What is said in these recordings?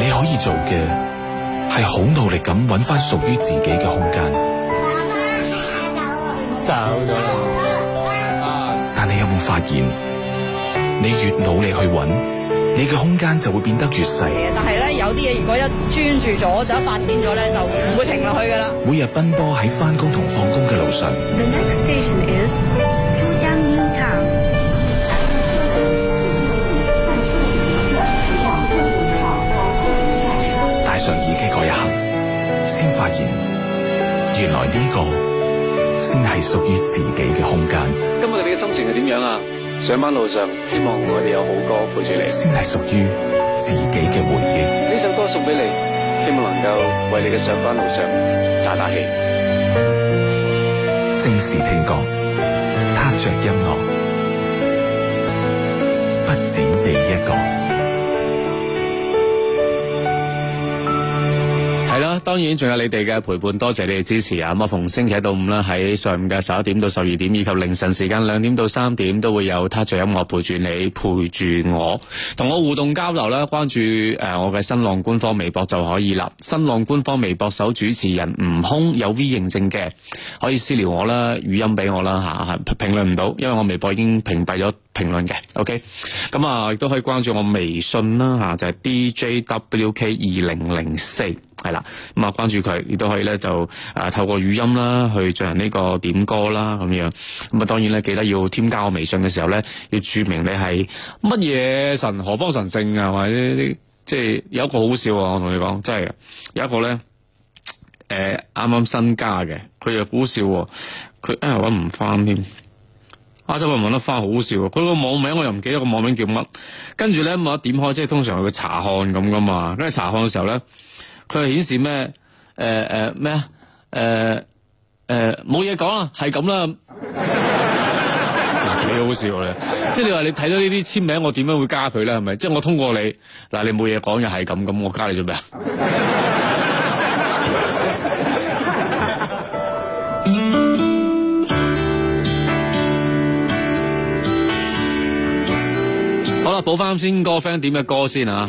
你可以做嘅係好努力咁揾翻屬於自己嘅空間。走咗啦！但你有冇發現，你越努力去揾，你嘅空間就會變得越細。但係咧，有啲嘢如果一專注咗，就一發展咗咧，就唔會停落去噶啦。每日奔波喺翻工同放工嘅路上。原來呢個先係屬於自己嘅空間。今日你嘅心情係點樣啊？上班路上，希望我哋有好歌陪住你。先係屬於自己嘅回憶。呢首歌送俾你，希望能夠為你嘅上班路上打打氣。正是聽歌，踏着音樂，不止你一個。當然仲有你哋嘅陪伴，多謝你哋支持啊！咁啊，逢星期一到五啦，喺上午嘅十一點到十二點，以及凌晨時間兩點到三點，都會有他醉音樂陪住你，陪住我，同我互動交流啦。關注誒，我嘅新浪官方微博就可以啦。新浪官方微博首主持人吳空有 V 認證嘅，可以私聊我啦，語音俾我啦吓，評論唔到，因為我微博已經屏蔽咗評論嘅。OK，咁啊，亦都可以關注我微信啦吓，就係 D J W K 二零零四。係啦，咁、嗯、啊，關注佢，亦都可以咧就誒、啊、透過語音啦，去進行呢個點歌啦，咁樣咁啊、嗯。當然咧，記得要添加我微信嘅時候咧，要注明你係乜嘢神何方神聖啊，或者啲即係有一個好笑啊，我同你講真係，有一個咧誒啱啱新加嘅，佢又好笑、啊，佢誒搵唔翻添，阿周文搵得翻好笑、啊，佢個網名我又唔記得個網名叫乜，跟住咧我點開，即係通常去查看咁噶嘛，跟住查看嘅時候咧。佢係顯示咩？誒誒咩啊？誒誒冇嘢講啦，係咁啦。幾、呃呃、 好笑咧！即係你話你睇到呢啲簽名，我點樣會加佢咧？係咪？即係我通過你嗱，你冇嘢講又係咁咁，我加你做咩啊？ 好啦，補翻先個 friend 點嘅歌先啊！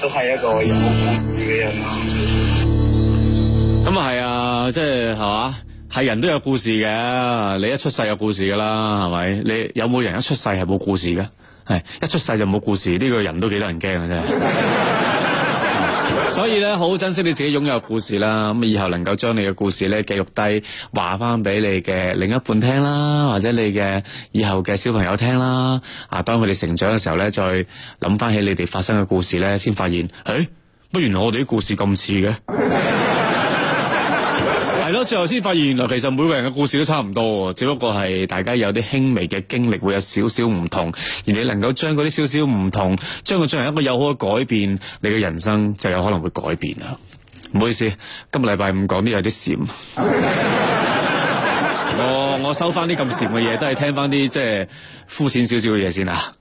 都係一個有冇故事嘅人啊！咁啊係啊，即係係嘛，係人都有故事嘅。你一出世有故事噶啦，係咪？你有冇人一出世係冇故事嘅？係一出世就冇故事，呢個人都幾得人驚嘅，真係 所以咧，好珍惜你自己擁有故事啦。咁以後能夠將你嘅故事咧，記錄低話翻俾你嘅另一半聽啦，或者你嘅以後嘅小朋友聽啦。啊，當佢哋成長嘅時候咧，再諗翻起你哋發生嘅故事咧，先發現，誒、哎，乜原來我哋啲故事咁似嘅。我最後先發現，原來其實每個人嘅故事都差唔多，只不過係大家有啲輕微嘅經歷，會有少少唔同。而你能夠將嗰啲少少唔同，將佢進行一個友好嘅改變，你嘅人生就有可能會改變啊！唔好意思，今日禮拜五講啲有啲禪， 我我收翻啲咁禪嘅嘢，都係聽翻啲即係膚淺少少嘅嘢先啊。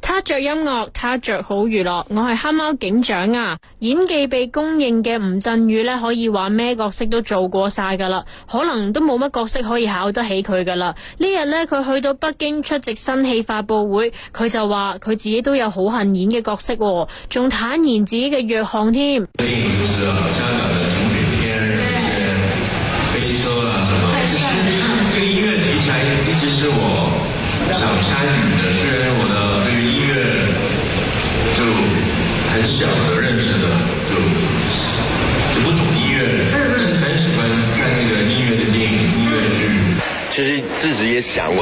他着音樂，他着好娛樂。我係黑貓警長啊！演技被公認嘅吳鎮宇呢，可以話咩角色都做過晒噶啦，可能都冇乜角色可以考得起佢噶啦。呢日呢，佢去到北京出席新戲發佈會，佢就話佢自己都有好恨演嘅角色喎，仲坦言自己嘅弱項添。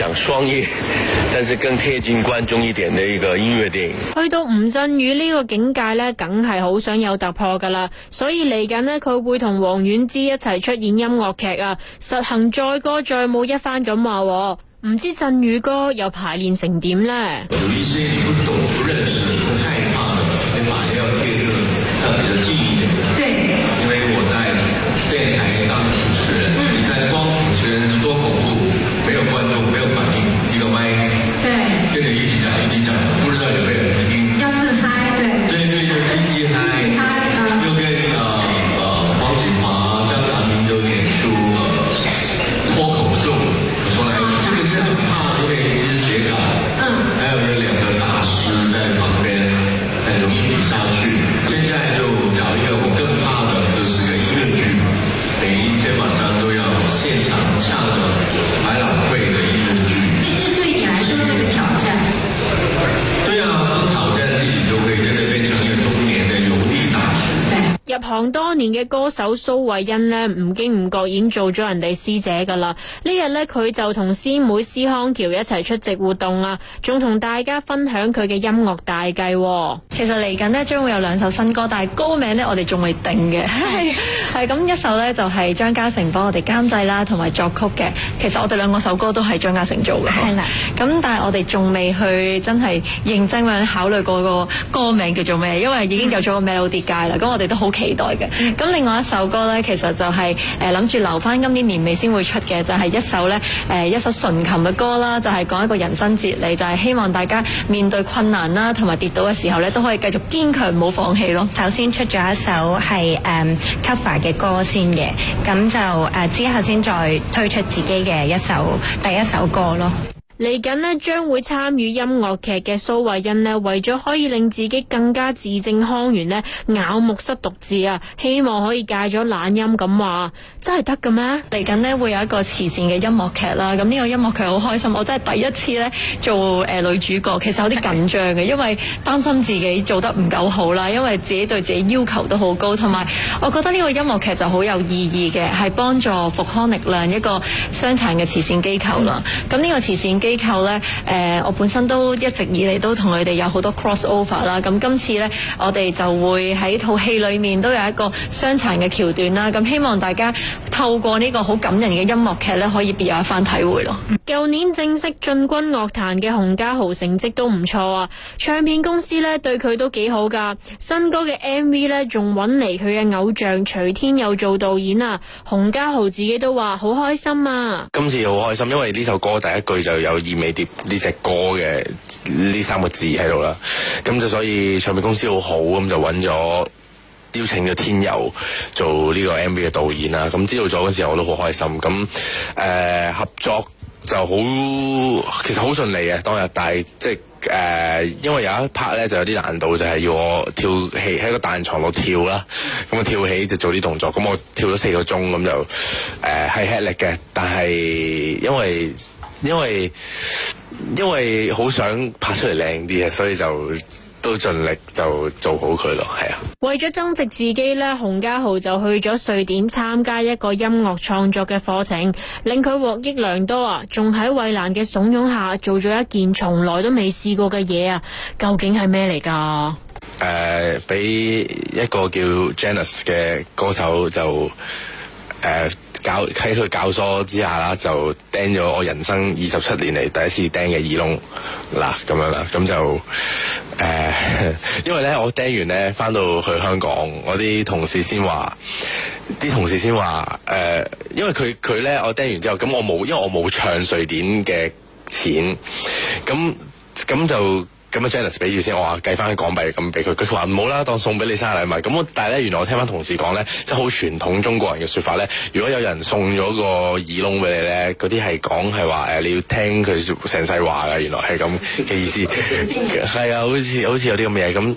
講雙業，但是更貼近觀眾一點的一個音樂電影。去到吳鎮宇呢個境界呢，梗係好想有突破噶啦，所以嚟緊呢，佢會同王菀之一齊出演音樂劇啊，實行載歌載舞一番咁話，唔知鎮宇哥又排練成點呢？嗯蘇慧恩呢，唔經唔覺已經做咗人哋師姐噶啦，呢日呢，佢就同師妹師康橋一齊出席活動啦，仲同大家分享佢嘅音樂大計。其實嚟緊呢，將會有兩首新歌，但係歌名呢，我哋仲未定嘅，係咁一首呢，就係張嘉誠幫我哋監製啦，同埋作曲嘅。其實我哋兩個首歌都係張嘉誠做嘅，係啦。咁但係我哋仲未去真係認真咁考慮過個歌名叫做咩，因為已經有咗個 melody 界啦。咁 我哋都好期待嘅。咁另外一首。首歌呢，其實就係誒諗住留返今年年尾先會出嘅，就係一首呢，誒一首純琴嘅歌啦，就係講一個人生哲理，就係希望大家面對困難啦同埋跌倒嘅時候呢，都可以繼續堅強唔好放棄咯。首先出咗一首係誒 cover 嘅歌先嘅，咁就誒之後先再推出自己嘅一首第一首歌咯。嚟緊呢，將會參與音樂劇嘅蘇慧恩呢，為咗可以令自己更加字正腔圓呢，咬木塞讀字啊，希望可以戒咗懶音咁話，真係得嘅咩？嚟緊呢，會有一個慈善嘅音樂劇啦，咁呢個音樂劇好開心，我真係第一次呢做誒女主角，其實有啲緊張嘅，因為擔心自己做得唔夠好啦，因為自己對自己要求都好高，同埋我覺得呢個音樂劇就好有意義嘅，係幫助復康力量一個傷殘嘅慈善機構啦。咁呢個慈善機機構呢，誒，我本身都一直以嚟，都同佢哋有好多 cross over 啦。咁今次呢，我哋就會喺套戲裏面都有一個傷殘嘅橋段啦。咁希望大家透過呢個好感人嘅音樂劇呢，可以別有一番體會咯。舊年正式進軍樂壇嘅洪嘉豪成績都唔錯啊，唱片公司呢對佢都幾好㗎。新歌嘅 MV 呢，仲搵嚟佢嘅偶像徐天佑做導演啊。洪嘉豪自己都話好開心啊。今次好開心，因為呢首歌第一句就有。燕尾蝶呢隻歌嘅呢三個字喺度啦，咁就所以唱片公司好好咁就揾咗，邀請咗天佑做呢個 MV 嘅導演啦。咁知道咗嗰時候我都好開心。咁誒、呃、合作就好，其實好順利嘅當日。但係即係、呃、因為有一 part 咧就有啲難度，就係要我跳起喺個彈床度跳啦。咁啊跳起就做啲動作。咁我跳咗四個鐘，咁就誒係、呃、吃力嘅，但係因為因為因為好想拍出嚟靚啲，所以就都盡力就做好佢咯，係啊。為咗增值自己咧，洪家豪就去咗瑞典參加一個音樂創作嘅課程，令佢獲益良多啊！仲喺衛蘭嘅慫恿下，做咗一件從來都未試過嘅嘢啊！究竟係咩嚟噶？誒、呃，俾一個叫 Janice 嘅歌手就誒。呃在他教喺佢教唆之下啦，就釘咗我人生二十七年嚟第一次釘嘅耳窿，嗱咁樣啦，咁就誒、呃，因為咧我釘完咧，翻到去香港，我啲同事先話，啲同事先話，誒、呃，因為佢佢咧，我釘完之後，咁我冇，因為我冇唱瑞典嘅錢，咁咁就。咁啊 Janice 俾住先，我話計翻啲港幣咁俾佢，佢話唔好啦，當送俾你生日禮物。咁但係咧，原來我聽翻同事講咧，即係好傳統中國人嘅說法咧，如果有人送咗個耳窿俾你咧，嗰啲係講係話誒，你要聽佢成世話嘅，原來係咁嘅意思，係 啊，好似好似有啲咁嘢咁，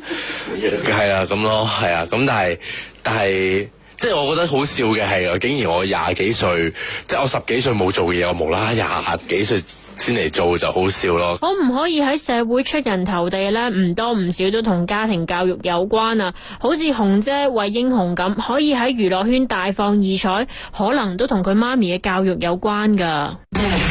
係啊，咁、yeah. 咯，係啊，咁但係但係即係我覺得好笑嘅係，竟然我廿幾歲，即係我十幾歲冇做嘅嘢，我無啦，廿幾歲。先嚟做就好笑咯。可唔可以喺社會出人頭地咧？唔多唔少都同家庭教育有關啊。好似紅姐為英雄咁，可以喺娛樂圈大放異彩，可能都同佢媽咪嘅教育有關噶。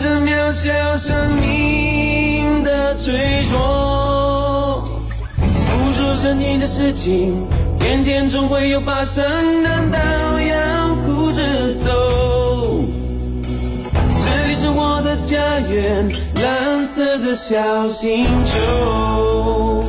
這渺小生命的脆弱。無數神奇的事情，天天總會有發生，難道要哭着走？這裏是我的家園，藍色的小星球。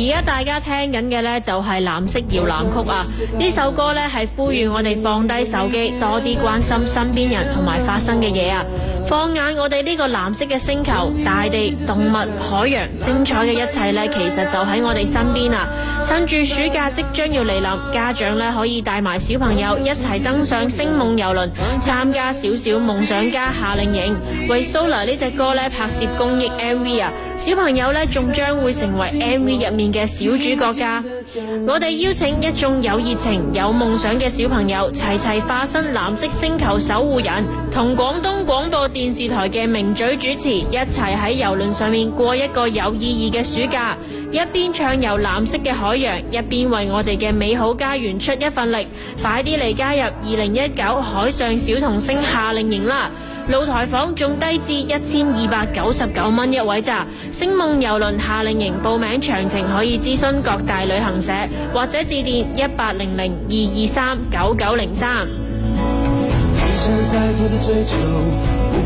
而家大家聽緊嘅呢，就係《藍色搖籃曲》啊！呢首歌呢，係呼籲我哋放低手機，多啲關心身邊人同埋發生嘅嘢啊！放眼我哋呢個藍色嘅星球，大地、動物、海洋，精彩嘅一切呢，其實就喺我哋身邊啦。趁住暑假即將要嚟臨，家長呢可以帶埋小朋友一齊登上星夢遊輪，參加少少夢想家夏令營，為《Sola》呢隻歌呢，拍攝公益 MV 啊！小朋友呢仲將會成為 MV 入面嘅小主角噶。我哋邀請一眾有熱情、有夢想嘅小朋友，齊齊化身藍色星球守護人，同廣東廣播。電視台嘅名嘴主持一齊喺遊輪上面過一個有意義嘅暑假，一邊暢遊藍色嘅海洋，一邊為我哋嘅美好家園出一份力。快啲嚟加入二零一九海上小童星夏令營啦！露台房仲低至一千二百九十九蚊一位咋？星夢遊輪夏令營報名詳情可以諮詢各大旅行社或者致電一八零零二二三九九零三。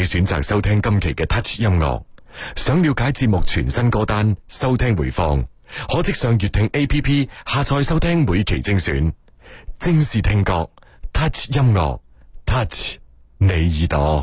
你選擇收聽今期嘅 Touch 音樂，想了解節目全新歌單、收聽回放，可即上粵聽 APP 下載收聽每期精選，精視聽覺，Touch 音樂，Touch 你耳朵。